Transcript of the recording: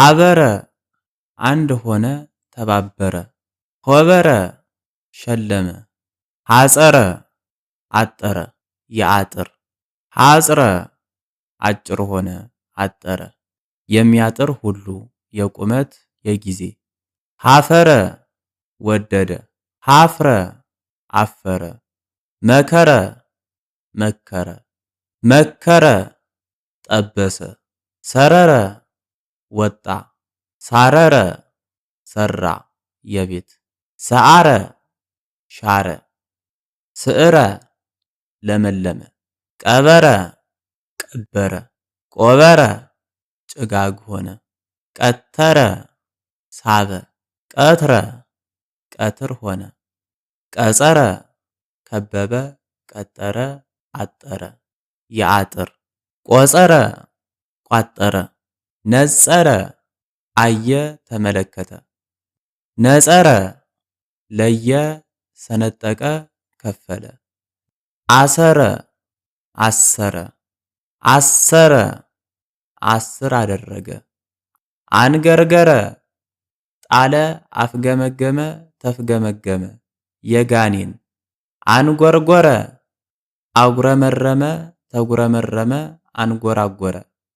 ሀበረ አንድ ሆነ ተባበረ። ሆበረ ሸለመ። ሀጸረ አጠረ የአጥር ሀጽረ አጭር ሆነ አጠረ የሚያጥር ሁሉ የቁመት የጊዜ ሀፈረ ወደደ ሀፍረ አፈረ መከረ መከረ መከረ ጠበሰ ሰረረ ወጣ ሳረረ ሰራ የቤት ሰዓረ ሻረ ስዕረ ለመለመ ቀበረ ቀበረ ቆበረ ጭጋግ ሆነ ቀተረ ሳበ ቀትረ ቀትር ሆነ ቀጸረ ከበበ ቀጠረ አጠረ የአጥር ቆጸረ ቋጠረ ነጸረ አየ ተመለከተ ነጸረ ለየ ሰነጠቀ ከፈለ አሰረ አሰረ አሰረ አስር አደረገ አንገርገረ ጣለ አፍገመገመ ተፍገመገመ የጋኔን አንጎርጎረ አጉረመረመ ተጉረመረመ አንጎራጎረ